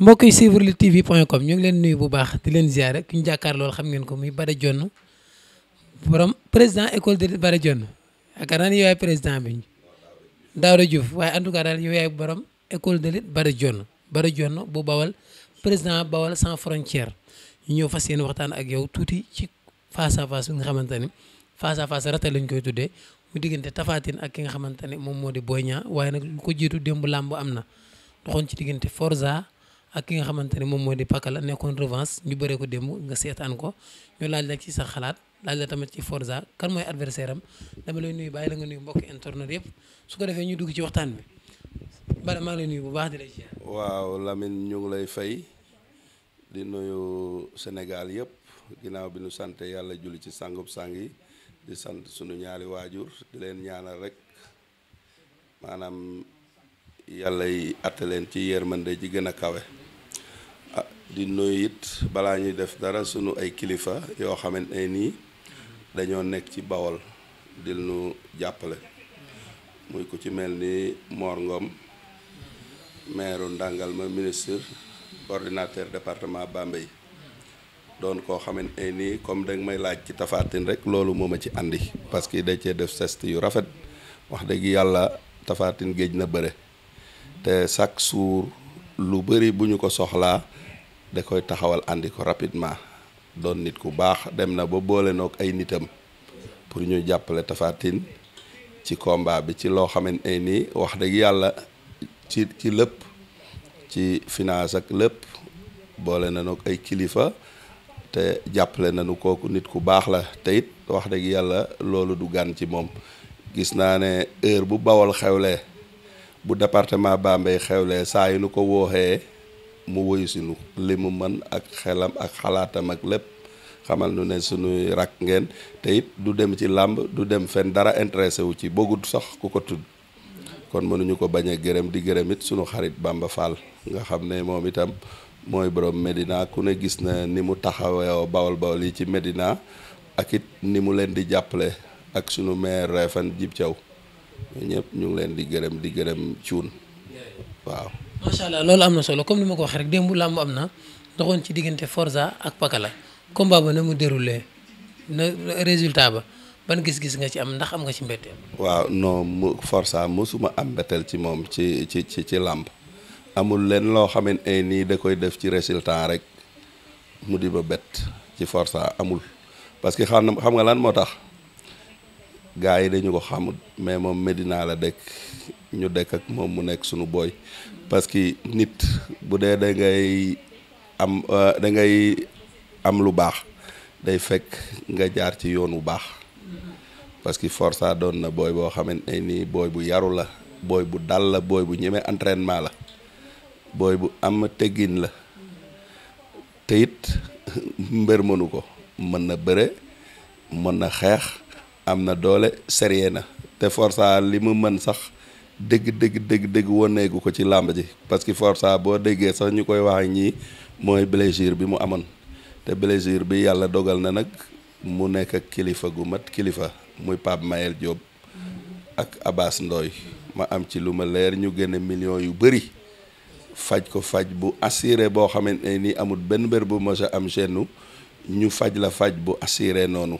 mbokk yi suivre Lutte TV point com ñu ngi leen nuyu bu baax di leen ziare ki ñu jàkkaar loolu xam ngeen ko muy Bada Dione borom président école de Bada Dione yaakaar naa ne yow président bi Daouda Diouf waaye en tout cas daal yow yaay borom école de lutte Bada Dione Bada Dione bu bawal président bawal sans frontière ñu ñëw fas yéene waxtaan ak yow tuuti ci face à bi nga xamante ni face à face rata koy tuddee mu diggante tafaatin ak ki nga xamante ne moom moo di Boy Niang waaye nag lu ko jiitu démb làmb am na doxoon ci diggante Forza. ak ki nga xamante ne moom moo di la nekkoon revanche ñu bëree ko démb nga seetaan ko ñu laaj la ci sa xalaat laaj la tamit ci Forza kan mooy adversaire am dama lay nuyu bàyyi la nga nuyu mbokk internet yëpp su ko defee ñu dugg ci waxtaan bi bala maa lay nuyu bu baax di la ci waaw Lamine ñu ngi lay fay di nuyu Sénégal yëpp ginnaaw bi ñu sant yàlla julli ci sangub sang yi di sant sunu ñaari waajur di leen ñaanal rek maanaam. yàlla yi atte leen ci yërmande ji gën a kawe ah di nuyu it balaa ñuy def dara sunu ay kilifa yoo xamante ne nii dañoo nekk ci bawol di nu jàppale muy ku ci mel ni Mor Ngom maire ndàngal ma ministre coordinateur département Bambey doon koo xamante ne nii comme danga may laaj ci tafaatin rek loolu moom ma ci andi parce que da cee def sest yu rafet wax dëgg yàlla tafaatin géej na bëre. te chaque jour lu bëri bu ñu ko soxlaa da koy taxawal àndi ko rapidement doon nit ku baax dem na ba boole noog ay nitam pour ñu jàppale Tapha ci combat bi ci loo xamante ne nii wax dëgg yàlla ci ci lépp ci finance ak lépp boole na noog ay kilifa te jàppale nañu kooku nit ku baax la te it wax dëgg yàlla loolu du gan ci moom gis naa ne heure bu bawal xewlee bu département Bambey xewlee saa yi nu ko wooxee mu woyu sinu li mu mën ak xelam ak xalaatam ak lépp xamal nu ne sunuy rak ngeen te du dem ci làmb du dem fenn dara intéressé wu ci bëggut sax ku ko tudd kon mënuñu ko bañ a gërëm di gërëm it sunu xarit Bamba Fall nga xam ne moom itam mooy borom Medina ku ne gis na ni mu taxawoo bawol bawol yi ci Medina ak it ni mu leen di jàppale ak sunu maire Refane Djib Thiaw ñëpp ñu ngi leen di gërëm di gërëm cuun waaw. macha allah loolu am na solo comme ni ma ko waxee rek démb làmb am na doxoon ci diggante forsa ak Pakala combat ba na mu déroulé na résultat ba ban gis-gis nga ci am ndax am nga ci mbetteel. waaw non mu Forza mosuma am mbetteel ci moom ci ci ci ci làmb amul leen loo xamante ne nii da koy def ci résultat rek mu di ba bet ci Forza amul parce que xam nga laan moo tax. gaa yi dañu ko xamut mais moom Medina la dëkk ñu dëkk ak moom mu nekk suñu booy parce que nit bu dee da ngay am euh, da ngay am lu baax day fekk nga jaar ci yoon wu baax parce que Forza doon na booy boo xamante nii booy bu yaru la booy bu dal la booy bu ñemee entraînement la booy bu am teggin la te it mbër mënu ko mën na bëre mën na xeex. am na doole sérieux na te Forza li mu mën sax dëgg dëgg dëgg dëgg woneegu ko ci làmb ji parce que Forza boo déggee sax ñu koy wax ñii mooy blessure bi mu amoon te blessure bi yàlla dogal na nag mu nekk kilifa gu mat kilifa muy Pape Mayel Diop ak Abass Ndoy ma am ci lu ma leer ñu génne millions yu bëri faj ko faj bu assuré boo xamante ne nii amul benn bër bu mos a am gñnu ñu faj la faj bu assuré noonu.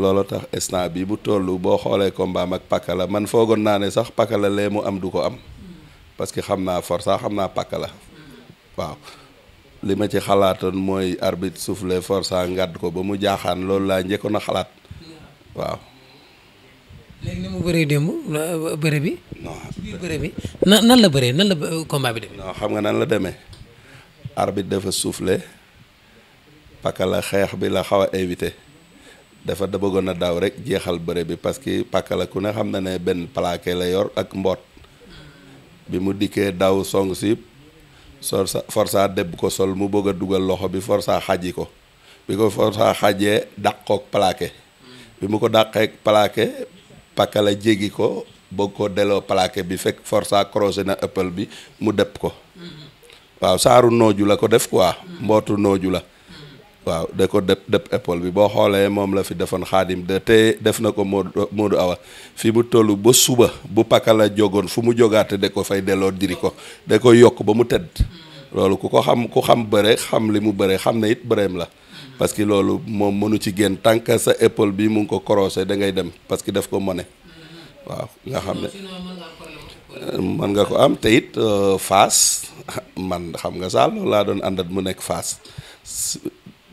loolu tax instant bii bu tollu boo xoolee combat ak la man foogoon naa ne sax la lee mu am du ko am parce que xam naa forsa xam naa la waaw li ma ci xalaatoon mooy arbitre soufflé forsa ngàdd ko ba mu jaaxaan loolu laa njëkkoon a xalaat waaw. léegi ni démb bëre bi. non bi nan nan la bëree euh, bi demee. xam nga nan la demee arbitre dafa soufflé pakala xeex bi la xawa a dafa da bëggoon a daaw rek jeexal bëre bi parce que pàkka ku ne xam na ne benn palaake la yor ak mboot bi mu dikkee daaw song si forsa forsa deb ko sol mu bëgg a dugal loxo bi forsa xaji ko bi ko forsa xajee daqook palaake bi mu ko dàqeek plaqué pàkka la jéggi ko bëgg ko delloo palaake bi fekk forsa croisé na ëppal bi mu depp ko mm-hmm. waaw saaru nooju la ko def quoi mm-hmm. mbootu nooju la waaw da ko dëpp dëpp épaule bi boo xoolee moom la fi defoon xaadim de te def na ko moo du Awa fi mu tollu ba suba bu paka la jógoon fu mu jogaate da ko fay delloo diri ko da ko yokk ba mu tëdd loolu ku ko xam ku xam bëre xam li mu bëre xam ne it bëreem la parce que loolu moom mënu ci génn tant que sa épaule bi mu ngi ko croisé dangay dem parce que daf ko mone waaw nga xam ne mën nga ko am te it euh, Fass man xam nga saal laa doon àndat mu nekk Fass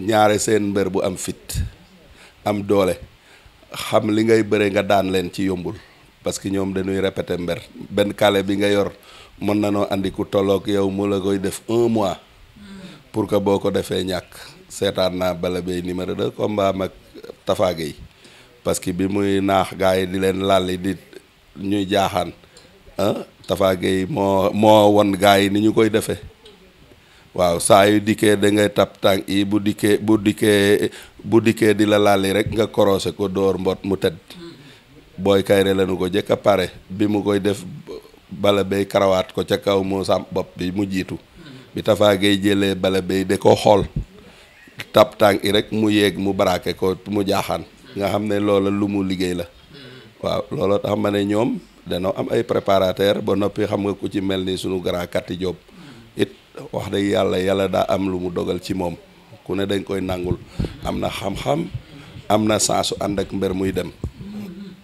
ñaare seen mbër bu am fit am doole xam li ngay bëre nga daan leen ci yombul parce que ñoom dañuy répéter mbër benn kale bi nga yor mën na noo andi ku tolloog yow mu la koy def un mois pour que boo ko defee ñàkk seetaan naa bala bay numéro de combat mag Tafa Gueye parce que bi muy naax gars yi di leen lalli di ñuy jaaxaan ah yi moo moo won gars yi ni ñu koy defee waaw saa yu dikkee da ngay tap tànk yi bu dikkee bu dikkee bu dikkee di la laali rek nga korose ko door mbot mu tëdd booy kayre lañu ko jëkk a pare bi mu koy def bala bay karawaat ko ca kaw moo sàmp bopp bi mu jiitu bi tafaa ngay jëlee bala bay de ko xool tap tànk yi rek mu yéeg mu baraake ko mu jaaxaan nga xam ne loola lu mu liggéey la waaw looloo tax ma ne ñoom danoo am ay préparateur ba noppi xam nga ku ci mel ni sunu grand kati job it wax dëgg yàlla yàlla daa am lu mu dogal ci moom ku ne dañ koy nangul am na xam-xam am na sensu ànd ak mbër muy dem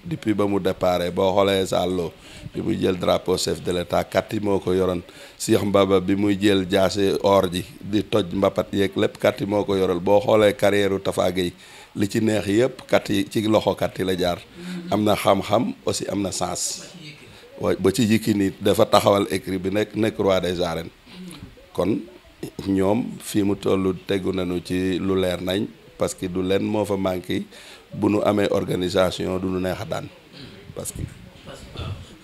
depuis ba mu déparé boo xoolee sàlloo bi muy jël drapeau chef de l'état kati moo ko yoroon Cheikh Mbaba bi muy jël jaase or ji di toj mbapat yeeg lépp katti moo ko yoral boo xoolee carrière u Tafa Gueye li ci neex yëpp katti ci loxo kati la jaar am na xam-xam aussi am na sens waaye ba ci Yékini dafa taxawal écrit bi nekk nekk roi de arènes kon ñoom fii mu toll tegu nañu ci lu leer nañ parce que du leen moo fa manqué bu nu amee organisation du nu neex a daan parce que.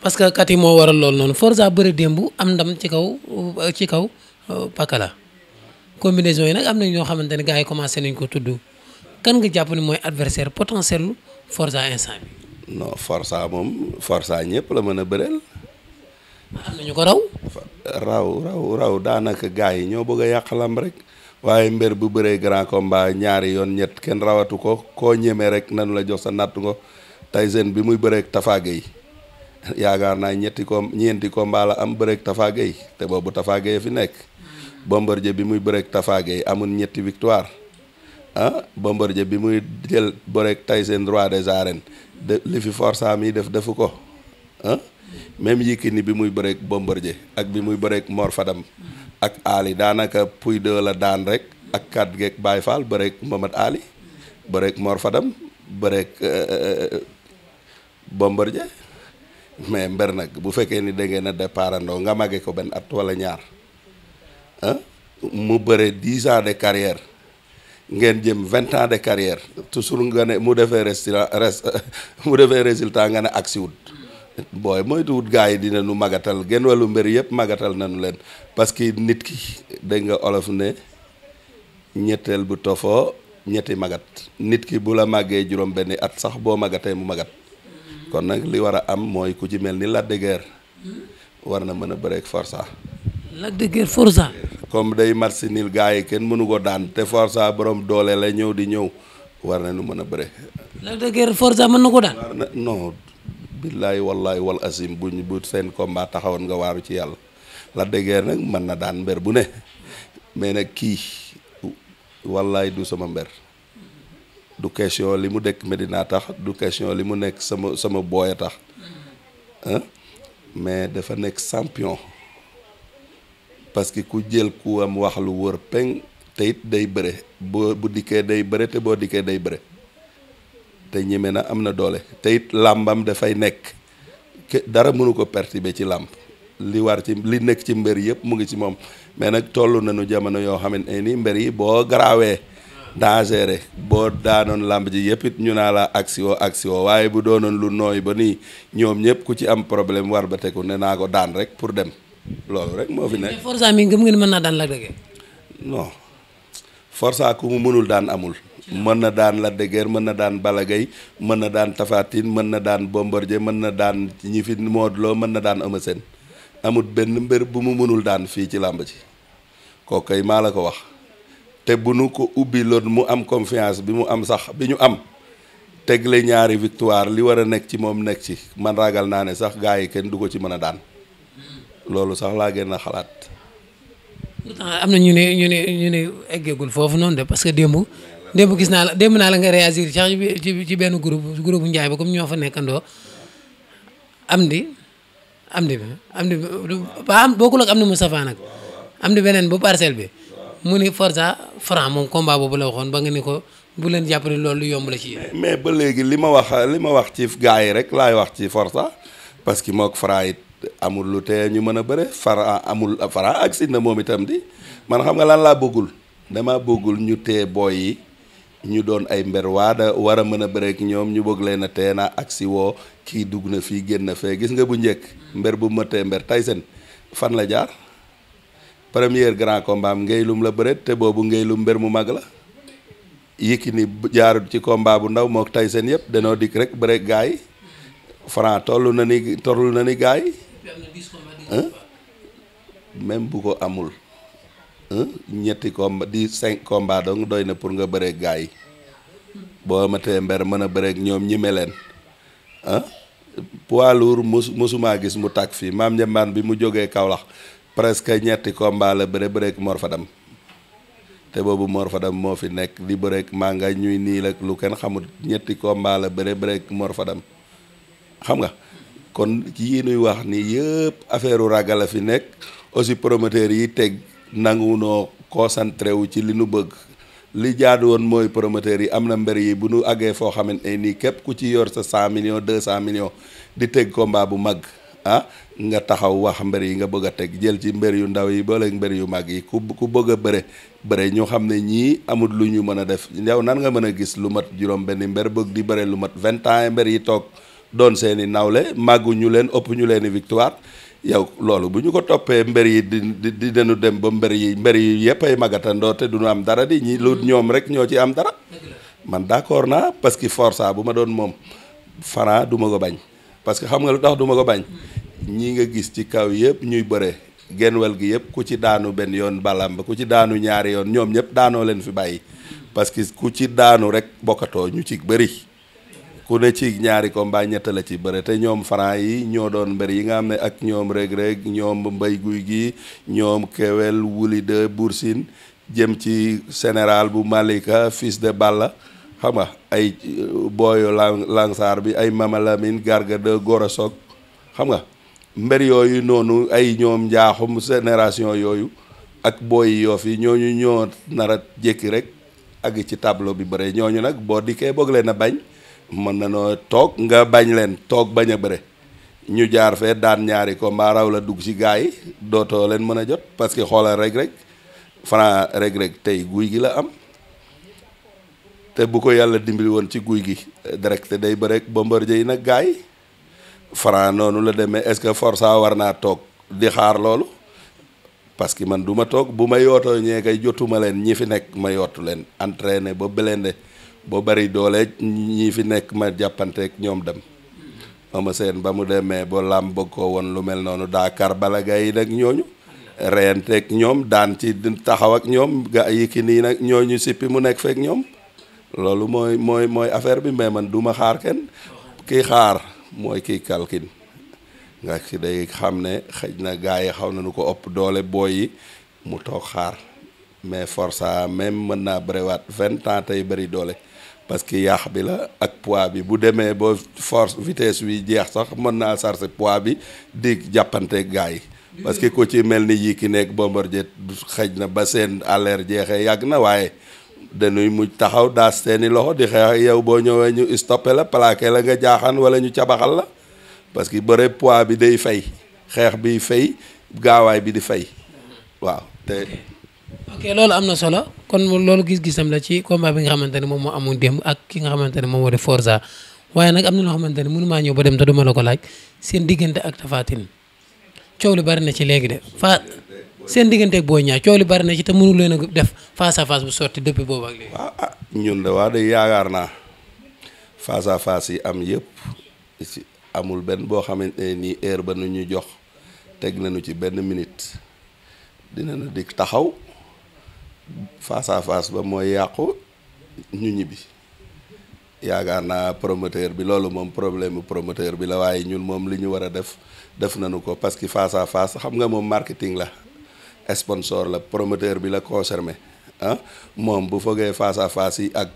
parce que kat yi moo waral loolu noonu Forza bëre démb am ndam ci kaw ci kaw Pakala combinaison yi nag am na ñoo xamante ne gars yi commencé nañ ko tudd kan nga jàpp ni mooy adversaire potentiel Forza instant bi. non Forza moom Forza ñëpp la mën a bëreel. am na ñu ko raw. raw raw raw daanaka gars yi ñoo bëgg a yàq lamb rek waaye mbër bu bëree grand combat ñaari yoon ñett kenn rawatu ko koo ñeme rek nanu la jox sa natt ngo Tyson bi muy bëreeg Tapha Gueye yaakaar naa ñetti ko la am bëreeg Tapha Gueye te boobu Tapha Gueye fi nekk Bombardier bi muy bëreeg Tapha Gueye amul ñetti victoire ah Bombardier bi muy jël bëreeg Tyson roi des arènes de li fi force am yi def defu ko ah? même ni bi muy bëreeg Bombardier ak bi muy bëreek Mor Fadam ak Ali daanaka Pouy de la daan rek ak kàddu geek Baye Fall bëreeg Mamad Ali bëreeg Mor Fadam bëreeg euh, euh, euh, Bombardier mais mber nag bu fekkee ni da na a nga màggee ko benn at wala ñaar mu bëree dix ans de carrière ngeen jëm vingt ans de carrière toujours nga ne mu defee restaurant mu defee résultat nga ne agsiwul booy moytuwut gars yi dina nu magatal genn wàllu mbër yëpp magatal nañu leen parce que nit ki dégg nga olof ne ñetteel bu tofoo ñetti magat nit ki bu la màggee juróom benni at sax boo magatee mu magat kon nag li war a am mooy ku ci mel ni Lac de war na mën a bëreek forsa Lac de Guiers comme day match nil gars yi kenn mënu ko daan te Forza boroom doole la ñëw di ñëw war na nu mën a bëre. Lac de Guiers mën na ko daan. billaay wallaay wal asim buñ bu seen combat taxawoon nga waaru ci yàlla la déggee nag mën na daan mbër bu ne mais nag kii wallaay du sama mbër du question li mu dekk Medina tax du question li mu nekk sama sama booya tax mais dafa nekk sampion parce que ku jël ku am wax lu wër peng te it day bëre boo bu dikkee day bëre te boo dikkee day bëre te ñeme na am na doole te it làmbam dafay nekk dara mënu ko perturber ci làmb li war ci li nekk ci mbër yëpp mu ngi ci moom mais nag na nañu jamono yoo xamante nii ni mbër yi boo garaawee dangereux boo daanoon làmb ji yëpp it ñu naa laa agsi woo agsi woo waaye bu doonoon lu nooy ba nii ñoom ñëpp ku ci am problème war ba teku ne naa ko daan rek pour dem loolu rek moo fi nekk. mais Forza naa daan la dëgg. non ku mu mënul daan amul. mën na daan Lac de mën na daan Balla Gaye mën na daan tafaatin mën na daan Bombardier mën na daan ñi fi Modou Lo mën na daan Eumeu Sène amut benn mbër bu mu mënul daan fii ci làmb ci kooku kay maa la ko wax te bu nu ko ubbi loon mu am confiance bi mu am sax bi ñu am tegle ñaari victoire li war a nekk ci moom nekk ci man ragal naa ne sax gars yi kenn du ko ci mën a daan loolu sax laa gën a xalaat. am na ñu ne ñu ne ñu ne eggeegul foofu noonu de parce démb démb gis naa la démb naa la nga réagir sax ci ci benn groupe groupe njaay ba comme ñoo fa nekkandoo am di am di am di ba am bokkul ak am di beneen bu bi mu ni Forza Franc moom la waxoon ba ni ko bu leen jàppale loolu lu yomb la ci mais ba léegi li ma wax li ma wax ci yi rek laay wax ci Forza parce que mook Franc it amul lu tee ñu mën a bëre Franc amul Franc ak Siteu moom itam di man xam nga lan laa bëggul dama bëggul ñu tee booy yi. ñu doon ay mber waada war a mën a bëreek ñoom ñu bëgg leena a teena ak si woo kii dugg na fii génn na fee gis nga bu njëkk mber bu mëtee mber Tyson fan la jaar premier grand combat am la bëreet te boobu ngaylum mber mu mag la ni jaarut ci combat bu ndaw mook Tyson yëpp danoo dikk rek bëreek gaa yi Franc na ni toll na ni gaa yi bu ko amul ñetti combat di doy na pour nga bëreeg gars yi boo amatee mber mën a bëreeg ñoom ñime leen ah poids lourd gis mu tàkk fii maam njambaan bi mu jógee Kaolack presque ñetti combat la bëre bëreeg Mor te boobu Mor moo fi nekk di bëreeg manga ñuy niil ak lu kenn xamul ñetti combat la bëre bëreeg Mor xam nga kon yii nuy wax ni yëpp affaire ragal a fi nekk aussi promoteurs yi teg. nangu noo concentré wu ci li nu bëgg li jaadu woon mooy promoteur yi am na mbër yi bu nu àggee foo xamante ne nii képp ku ci yor sa cent million deux cent millions di teg combat bu mag ah nga taxaw wax mbër yi nga bëgg a teg jël ci mbër yu ndaw yi boole mbër yu mag yi ku ku bëgg a bëre bëre ñu xam ne ñii amut lu ñu mën a def yow nan nga mën a gis lu mat juróom benn mbër bëgg di bëre lu mat vingt ans mbër yi toog doon seeni nawle màggu ñu leen ëpp ñu leen victoire yow loolu bu ñu ko toppee mbër yi di di denu dem ba mbër yi mbër yi yëpp ay magatandoo te du ñu am dara di ñi lu mm-hmm. ñoom rek ñoo ci am dara man d'accord naa parce que força bu ma doon moom Franc duma ko bañ parce que xam nga lu tax duma ko bañ mm-hmm. ñi nga gis ci kaw yëpp ñuy bëre genn gi yëpp ku ci daanu benn yoon balam ba ku ci daanu ñaari yoon ñoom ñëpp daanoo leen fi bàyyi mm-hmm. parce que ku ci daanu rek bokkatoo ñu ci bëri ku ne ci ñaari combat ñett la ci bëre te ñoom Franc yi ñoo doon mbër yi nga xam ne ak ñoom rëg-rëg ñoom mbay guy gi ñoom kewel wuli de Boursine jëm ci sénéral bu Malika fils de Balla xam nga ay euh, booyu Lansar bi ay Mama Lamine Garga de Gorosok xam nga mbër yooyu noonu ay ñoom njaaxum génération yooyu ak booyi yoof yi ñooñu ñoo nar a jékki rek àgg ci tableau bi bëre ñooñu nag boo dikkee boog leen a bañ mën na noo toog nga bañ leen toog bañ a bëre ñu jaar fee daan ñaari ko mbaa la dugg ci gaa yi dootoo leen mën a jot parce que xoolal rek rek Franc rek tey guy gi la am te bu ko yàlla dimbali woon ci guy gi direct day bëre ak Bombardier yi nag gaa yi Franc noonu la demee est-ce que força war naa toog di xaar loolu parce que man du ma toog bu ma yootoo ñee kay jotuma leen ñi fi nekk ma yootu leen entraîné ba belende boo bari doole ñii fi nekk ma jàppanteeg ñoom dem ama seen ba mu mais ba lam bëgg koo woon lu mel noonu daakar bala gay yi nag ñooñu reyanteeg ñoom daan ci taxaw ak ñoom ga yi nii nag ñooñu sippi mu nekk feek ñoom loolu mooy mooy mooy affaire bi mais man duma xaar kenn kii xaar mooy kii kalkin nga ci day xam ne xëj na gars yi xaw na nu ko ëpp doole booy yi mu toog xaar mais força même mën naa bëriwaat vingt tey bëri doole parce que yaax bi la ak poids bi bu demee ba force vitesse bi jeex sax mën naa sarse pois bi di jàppante gars yi parce que ku ci mel ni yi ki nekk Bombardier xëj na ba seen aller jeexee yàgg na waaye dañuy mujj taxaw daas seeni loxo di xeex yow boo ñëwee ñu stoppé la palaake la nga jaaxaan wala ñu cabaxal la parce que bëre poids bi day fay xeex bi fay gaawaay bi di fay waaw te ok loolu am na solo kon loolu gis-gisam la ci combat bi nga xamante ne moom moo amuñ démb ak ki nga xamante ne moom moo def Forza waaye nag am na loo xamante ne mënu maa ñëw ba dem te duma la ko laaj seen diggante ak Tapha Tine coow li bari na ci léegi de fa seen diggante ak Boy Niang coow li bari na ci te mënu leen a def face à face bu sotti depuis boobu ak léegi. ah, ah ñun yaakaar naa face à face yi am yëpp amul benn boo xamante ne nii heure ba nu ñu jox teg nañu ci benn minute dina na dikk taxaw. face à face ba mooy yàqu ñu ñibbi yaakaar naa promoteur bi loolu moom problème promoteur bi la waaye ñun moom li ñu war a def def nañu ko parce que face à xam nga moom marketing la sponsor la promoteur bi la concerné ah moom bu foogee face à face yi ak.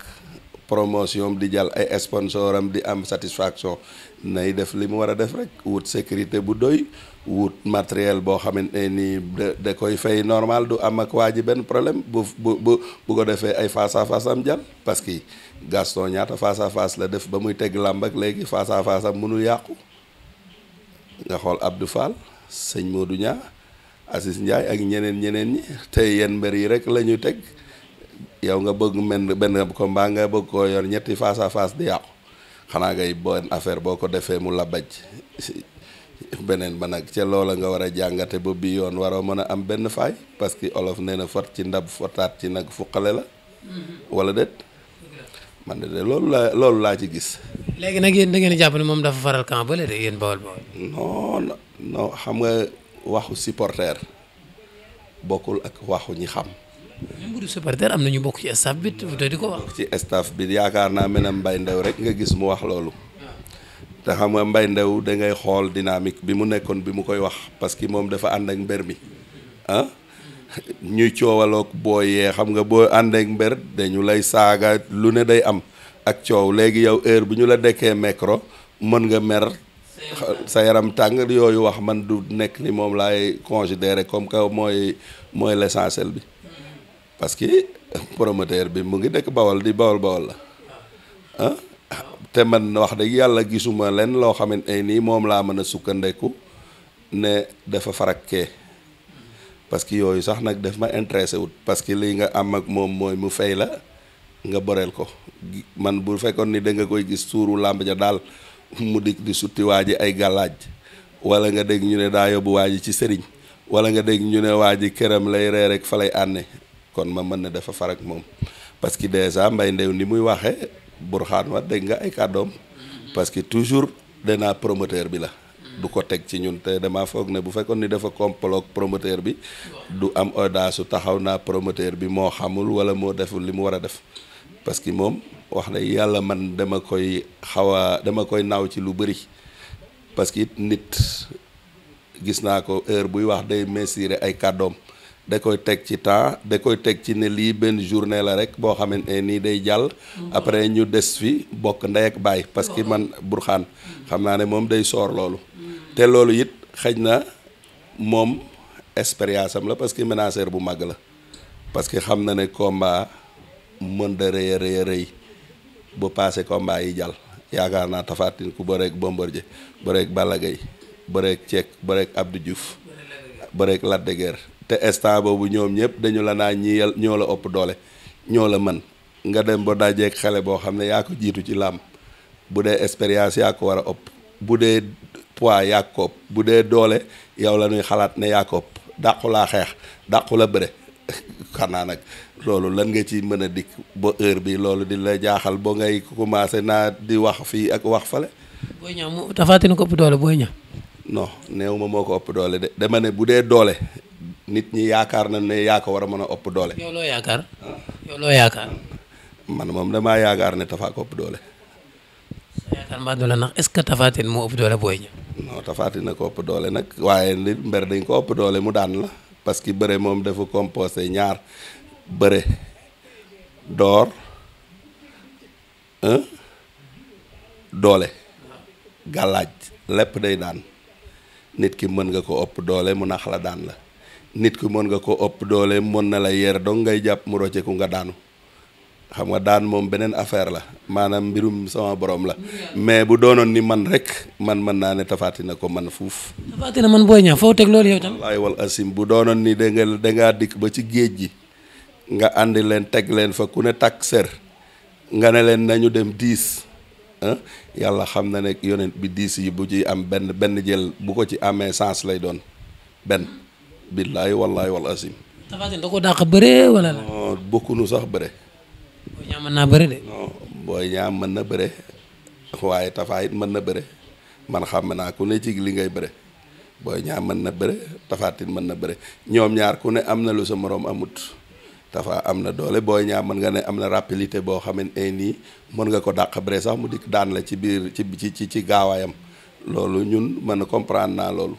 promotion di jàll ay sponsor am di am satisfaction nay def li mu war a def rek wut sécurité bu doy wut matériel boo xamante ni da da koy fay normal du am ak waa ji benn problème bu bu bu bu ko defee ay face à face am jàll parce que Gaston ñaata face à la def ba muy teg làmb ak léegi face à face mënul yàqu nga xool Abdou Fall sëñ Modou Niang Assis Ndiaye ak ñeneen ñeneen ñi tey yenn mbir yi rek la ñu teg yow nga bëgg mel benn combat nga bëgg koo yor ñetti face à face di yàqu xanaa ngay bonne affaire boo ko defee mu la baj beneen ba nag ca loola nga war a jàngate ba bi yoon waroo mën a am benn faay parce que olof nee na fot ci ndab fotaat ci nag fuqale la mm-hmm. wala déet man de de loolu laa loolu laa ci gis léegi nag yéen da ngeen jàpp ne moom dafa faral camp bële de yéen bawol bawol non noo xam nga waxu supporter bokkul ak waxu ñi xam même bu am na ñu bokk ci staff bi te di ko wax. ci staff bi yaakaar naa menam Mbaye Ndew rek nga gis mu wax loolu. te xam nga mbay Ndew da ngay xool dynamique bi mu nekkoon bi mu koy wax parce que moom dafa ànd ak mbër mi ah. ñuy coowaloog boo xam nga boo ànd ak dañu lay saaga lu ne day am ak coow léegi yow heure bu ñu la dekkee micro mën nga mer. sa yaram tàng yooyu wax man du nekk ni moom laay considéré comme que mooy mooy l'essentiel bi. parce que promoteur bi mu ngi dëkk bawal di bawal bawal la ah te man wax dëgg yàlla gisuma leen loo xamante ne nii moom laa mën a sukkandeku ne dafa farake parce que yooyu sax nag daf ma intéressé wut parce que lii nga am ak moom mooy mu fay la nga boreel ko man bu fekkoon ni da nga koy gis suuru làmb ja daal mu dikk di sutti waa ji ay gàllaaj wala nga dégg ñu ne daa yóbbu waa ji ci sëriñ wala nga dégg ñu ne waa ji këram lay reer rek fa lay ànne kon ma mën na dafa farak moom parce que déjà Mbaye Ndew ni muy waxee burxaan wa dégg nga ay kàddoom parce que toujours danaa promoteur bi la du ko teg ci ñun te dama foog ne bu fekkoon ni dafa complot promoteur bi du am audace taxaw naa promoteur bi moo xamul wala moo deful li mu war a def parce que moom wax na yàlla man dama koy xaw a dama koy naaw ci lu bëri parce que nit gis naa ko heure buy wax day mesuré ay kàddoom da koy teg ci temps da koy teg ci ne lii benn journée la rek boo xamante nii day jàll. après ñu des fi bokk ndey ak baay. parce que man burxaan xam naa ne moom day soor loolu. te loolu it xëj na moom expérience am la parce que ménagère bu mag la parce que xam na ne komba mën da rëy a rëy a rëy ba yi jàll yaakaar naa tafaatin ku bëreeg Bombardier bëreeg Balla Gaye bëreeg Ceek bëreeg Abdou Diouf bëreeg Lac de te instant boobu ñoom ñëpp dañu la naan ñi ñoo la ëpp doole ñoo la man nga dem ba daajeek xale boo xam ne yaa ko jiitu ci làmb bu dee expérience yaa ko war a ëpp bu dee pois yaa ko ëpp bu dee doole yow la ñuy xalaat ne yaa ko ëpp dàqu laa xeex dàqu la bëre xanaa nag loolu lan nga ci mën a dikk ba heure bi loolu di la jaaxal ba ngay commencé naa di wax fii ak wax fale booy ña mu ko ëpp doole booy ña non néew ma moo ko ëpp doole de dama ne bu dee doole nit ñi yaakaar na ne yaa ko war a mën a ëpp doole. yow yaakaar loo yaakaar. man moom damaa yaakaar ne Tapha ko ëpp doole. yaakaar est-ce que moo ëpp doole Boy Niang. non Tapha na ko ëpp doole nag waaye nit mber dañ ko ëpp doole mu daan la parce que bëre moom dafa composé ñaar bëre door doole gàllaaj lépp day daan nit ki mën nga ko ëpp doole mu nax la daan la. nit ki mën nga koo ëpp doole mën na la yeer dong ngay jàpp mu rocceeku nga daanu xam nga daan moom beneen affaire la maanaam mbirum sama boroom la mais bu doonoon ni man rek man mën naa ne tafaati na ko man fuuf. tafaati na man booy ñaaw foo teg loolu yow tam. wallaay wal asim bu doonoon ni da nga da ngaa dikk ba ci géej gi nga àndi leen teg leen fa ku ne takk ser nga ne leen nañu dem diis ah, yàlla xam na ne yonent bi diis yi bu ci am benn benn jël bu ko ci amee sens lay doon billaay wallaay wal asim. Tapha Tine da ko dàq bëre wala la. non bokkunu sax bëre. Boy Niang mën naa bëre de. non Boy mën na bëre waaye Tapha mën na bëre man xam naa ku ne ci li ngay bëre Boy Niang mën na bëre Tapha mën na bëre ñoom ñaar ku ne am na lu sa moroom amut. Tapha am na doole booy Niang mën nga ne am na rapidité boo xam ne nii mën nga ko dàq bëre sax mu dikk daan la ci biir ci ci ci gaawaayam loolu ñun mën na comprendre naa loolu.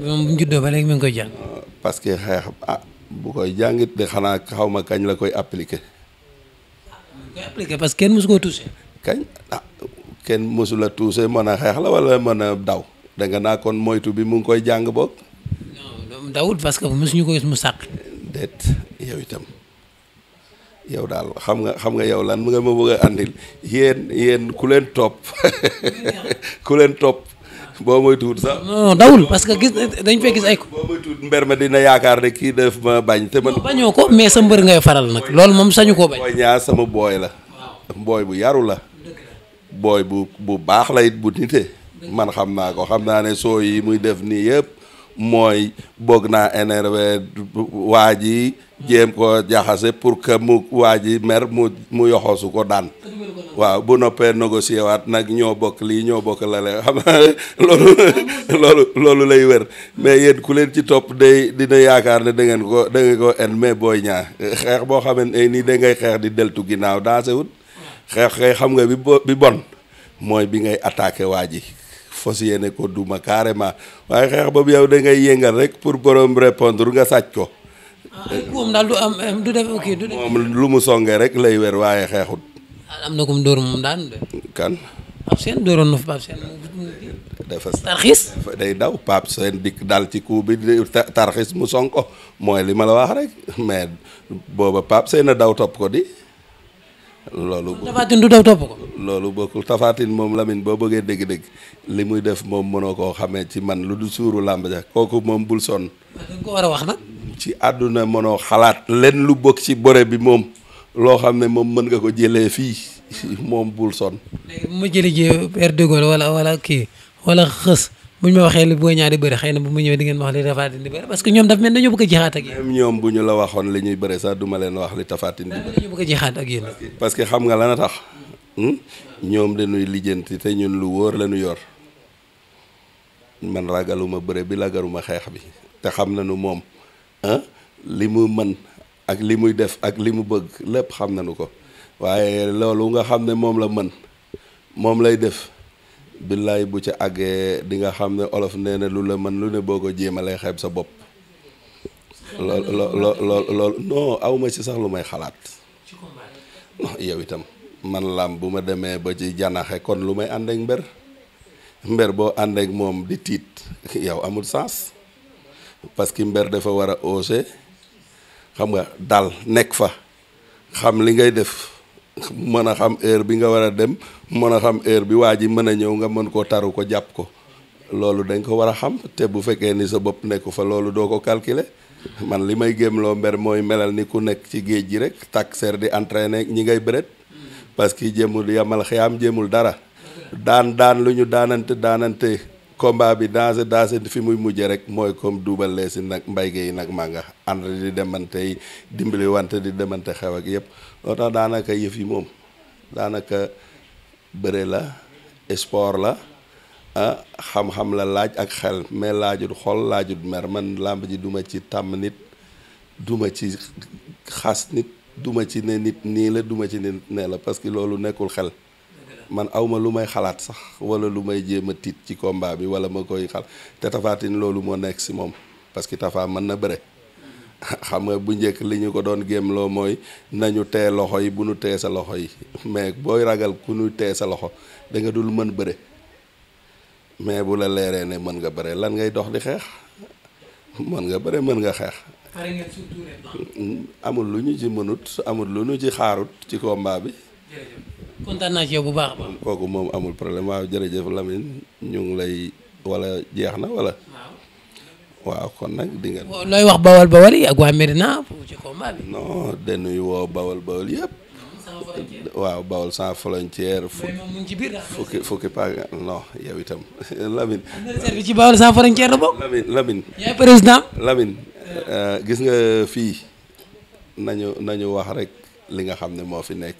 moom bu ñu juddoo ba léegi mi ngi koy jàng. Euh, parce que xeex ah bu koy jàngit de xanaa xaw ma kañ la koy appliquer. koy que kenn mosu koo touché. kañ ah kenn mosu la touché mën a xeex la wala mën a daw da nga naa kon moytu bi mu ngi koy jàng boog. non dawut parce que mosuñu ko gis mu sàq. déet yow itam. yow daal xam nga xam nga yow lan nga ma bëgg a àndil yéen yéen ku leen topp ku leen topp boo moytuwul sax. non dawul parce que gis dañ fee gis ay. boo mber ma dina yaakaar ne kii daf ma bañ. te man bañoo ko mais sa mbër ngay faral nag loolu moom sañu ko bañ. booy ñaar sama booy la. booy bu yaru la. booy bu bu baax la it bu nite. man xam naa ko xam naa ne soo yi muy def nii yëpp mooy bëgg naa énervé waa ji jéem ko jaxase pour que mu waa ji mer mu mu yoxoosu ko daan. waaw bu noppee négocier waat nag ñoo bokk lii ñoo bokk la la xam loolu loolu loolu lay wér mais yéen ku leen ci topp day dina yaakaar ne da ngeen ko da ko en mais booy ñaa xeex boo xamante ne nii da ngay xeex di deltu ginnaaw daase xeex kay xam nga bi bi bon mooy bi ngay attaqué waa ji fos yéene ko duma carrément waaye xeex boobu yow da ngay yëngal rek pour borom répondre nga sàcc ko. ah daal moom lu mu songe rek lay wér waaye xeexut. am na kum dóor moom daanu de. kan. Pape Sène dóoroon na fa Pape Sène dafa tarxis day daw Pape Sène dikk dal ci coup bi tarxis mu sonko mooy li ma la wax rek mais booba Pape Sène daw topp ko di. loolu tafaatin loolu bokkul tafaatin moom Lamine boo bëggee dégg-dégg li muy def moom mënoo koo xamee ci man lu du suuru làmb kooku moom bul son wax nag ci àdduna mënoo xalaat leen lu bokk ci bore bi moom loo xam ne moom mën nga ko jëlee fii moom bul sonn. ma jëlee ji air de Gaulle wala wala kii wala xës bu ñu ma waxee li boo ñaari bëri xëy na bu mu ñëwee di ngeen ma wax li tafaatin di bëri parce que a jixaat ak yéen. ñu la waxoon li ñuy bëri sax du leen wax li tafaatin di a parce que xam nga lan a tax. Hmm? ñoom dañuy lijjanti te ñun lu wóor la ñu yor man ragaluma bëre bi ragaluma xeex bi te xam na nañu moom ah li mu mën ak li muy def ak li mu bëgg lépp xam nañu ko waaye loolu nga xam ne moom la mën moom lay def billaay bu ca àggee di nga xam ne olof nee lu la mën lu ne boo ko jéema lay xeeb sa bopp lool lool lool lool awma ci sax lu may xalaat yow itam man lam bu ma demee ba ci janaxe kon lu may ànd mber mber boo ànd moom di tiit yow amul sens parce que mber dafa war a osé xam nga dal nekk fa xam li ngay def mën a xam heure bi nga war a dem mën a xam heure bi waa ji mën a ñëw nga mën koo taru ko jàpp ko loolu dañ ko war a xam te bu fekkee ni sa bopp nekku fa loolu doo ko calculer man li may gémloo mber mooy melal ni ku nekk ci géej gi rek takk ser di entraîner ñi ngay bëreet parce que jéemul yamal xiyaam jéemul dara daan daan lu ñu daanante daanante combat bi dansé dansé fi muy mujje rek mooy comme duubal lee si nag mbay yi nag maa nga ànd di demante dimbali wante di demante xew ak yëpp daanaka yëf yi moom daanaka bëre la sport la ah xam la laaj ak xel mais laajut xol laajut mer man làmb ji duma ci tàmm nit duma ci xas nit duma ci ne nit nii la duma ci ne nee la parce que loolu nekkul xel man awma lu may xalaat sax wala lu may jéem a tiit ci combat bi wala ma koy xal te Tapha loolu moo nekk si moom parce que Tapha mën na bëre xam nga bu njëkk li ñu ko doon gémloo mooy nañu tee loxo yi bu nu tee sa loxo yi mais booy ragal ku nu tee sa loxo danga dul mën bëre mais bu la leeree ne mën nga bëre lan ngay dox di xeex mën nga bëre mën nga xeex mm, amul lu ñu ci mënut amul lu ñu ci xaarut ci combat bi jërëjëf bu baax a kooku moom amul problème waaw jërëjëf Lamine ñu ngi lay wala jeex na wala. waaw kon nag di nga. looy wax bawal bawal yi ak waa Medina ci combat bi. woo bawal bawal yëpp. waaw bawal sans frontière. fukki mu ngi ci fukki fukki paa non itam Lamine. réserve ci bawal sans frontière la bokk. Euh, gis nga fii nañu nañu wax rek li nga xam ne moo fi nekk.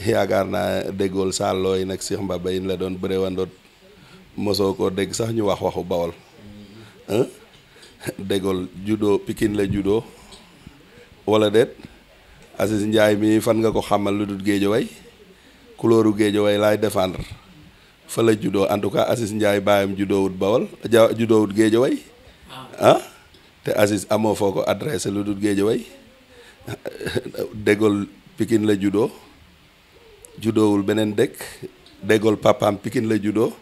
yaakaar naa déggool yi nag Cheikh Mbaba yi la doon bëréwandoot mosoo koo dégg sax ñu wax waxu bawol déggool judo Pikine la judo wala déet Aziz Ndiaye mi fan nga ko xamal lu dul géejoway kulóoru way laay défendre fa la judo en tout cas Aziz Ndiaye baayam judoowut bawol ja judoowut géejoway ah te Aziz amoo foo ko adressé lu dul géejoway déggool pikin la judo judoowul beneen dëkk déggool papaam pikin la judoo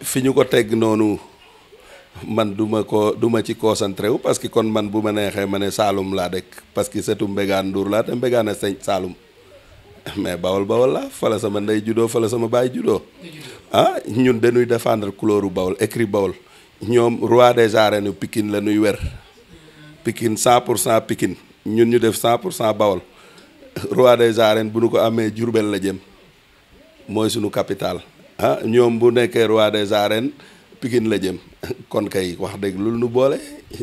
fi ñu ko teg noonu man duma ko du ma ci concentré wu parce que kon man bu ma neexee ma ne Saalum laa dëkk parce que setu Mbégaan Ndour laa te Mbégaan a sañ Saalum mais bawal bawal la fala sama ndey judoo fala sama baay judoo ah ñun dañuy défendre couleuru bawal écrit bawal ñoom roi des arènes Pikine la ñuy wer Pikine 100 pour cent Pikine ñun ñu def 100 pour cent bawal roi des arènes bu nu ko amee Jurbel la jëm mooy sunu capital ah ñoom bu nekkee roi des arènes Pikine la jëm kon kay wax dëgg lu nu boole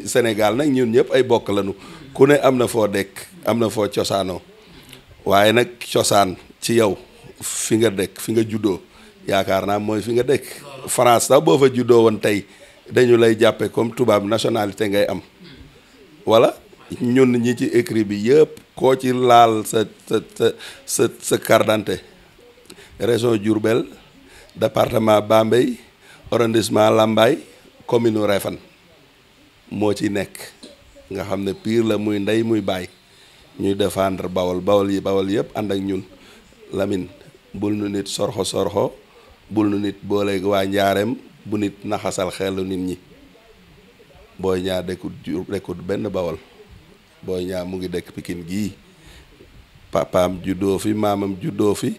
Sénégal nag ñun ñëpp ay bokk lañu ku ne am na foo dekk am na foo cosaanoo waaye nag cosaan ci yow fi nga dëkk fi nga juddoo yaakaar naa mooy fi nga dëkk France sax boo fa juddoo woon tey dañu lay jàppe comme tubaab nationalité ngay am wala ñun ñi ci écrit bi yëpp koo ci laal sa sa sa sa sa carte d'identité région Diourbel département Bambey arrondissement Lambaye commune u moo ci nekk nga xam ne piir la muy ndey muy baay ñuy défendre bawol bawol yi bawol yëpp ànd ak ñun lamin bul nu nit sorxo sorxo bul nu nit booleeg waa njaareem bu nit naxasal xelu nit ñi booy ñaar dekkut jur dekkut benn bawol Boy Niang mu ngi dekk Pikine gi papaam juddoo fi maamam juddoo fi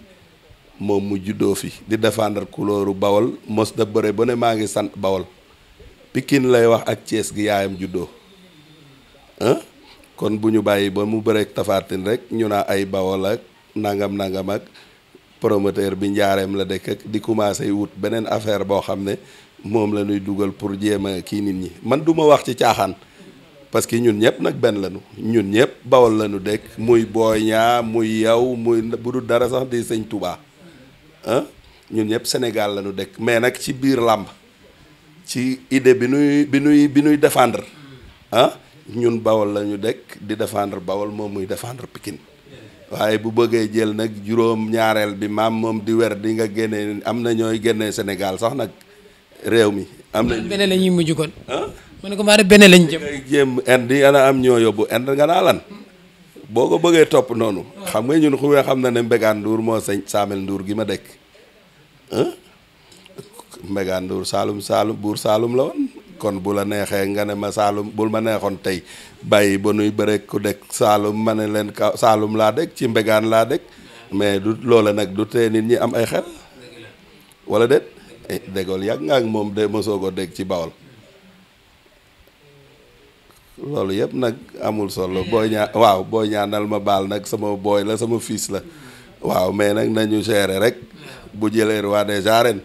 moom mu juddoo fi di défendre couleur Bawol mos da bëre ba ne maa ngi sant Bawol pikin lay wax ak Thiès gi yaayam juddoo kon bu ñu bàyyi ba mu bëreeg Tapha Tine rek ñu naa ay Bawol ak nangam nangam ak promoteur bi njaareem la dëkk ak di commencé wut beneen affaire boo xam ne moom la ñuy dugal pour jéem a kii nit ñi man duma wax ci caaxaan. parce que ñun ñëpp nag benn lañu ñun ñëpp bawal lañu dekk muy Boy Niang muy yow muy bu dul dara sax di sëñ Touba ñun ñëpp Sénégal lañu dekk mais nag ci biir làmb ci idée bi nuy bi nuy bi nuy défendre ah ñun bawal lañu dekk di défendre bawal moom muy défendre pikin waaye bu bëggee jël nag juróom ñaareel bi maam moom di wer di nga génnee am na ñooy génne Sénégal sax nag réew mi. am na beneen la ñuy kon. mu ko maa ne benn lañ jëm. ngay jéem indi ana am ñoo yóbbu indi nga naa lan boo ko bëggee topp noonu. xam nga ñun xumee xam na ne Mbégane Ndour moo sañ Saamel nduur gi ma dëkk Mbégane Ndour Saalum buur Saalum la kon bu la neexee nga ne ma Saalum bul ma neexoon tey bàyyi ba nuy bëreeg ku dëkk Saalum ma leen Saalum laa dëkk ci Mbégane laa dëkk mais du loola nag du tee nit ñi am ay xel wala déet eh, dégool yàgg nga ak moom de mosoo ko dégg ci Bawol. loolu yëpp nag amul solo booy ñaa waaw booy ñaanal ma baal nag sama booy la sama fiis la waaw mais nag nañu gérer rek bu jëlee roi des arènes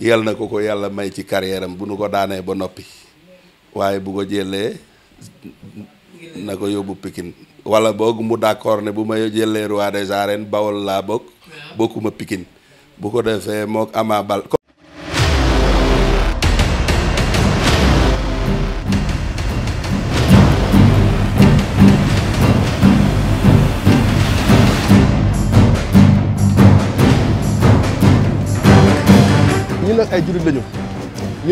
yal na ko ko yàlla may ci carrière bu nu ko daanee ba noppi waaye bu ko jëlee na ko yóbbu pikin wala boog mu d'accord ne bu ma jëlee roi des arènes bawol laa bokk bokkuma pikin bu ko defee mook Ama Bal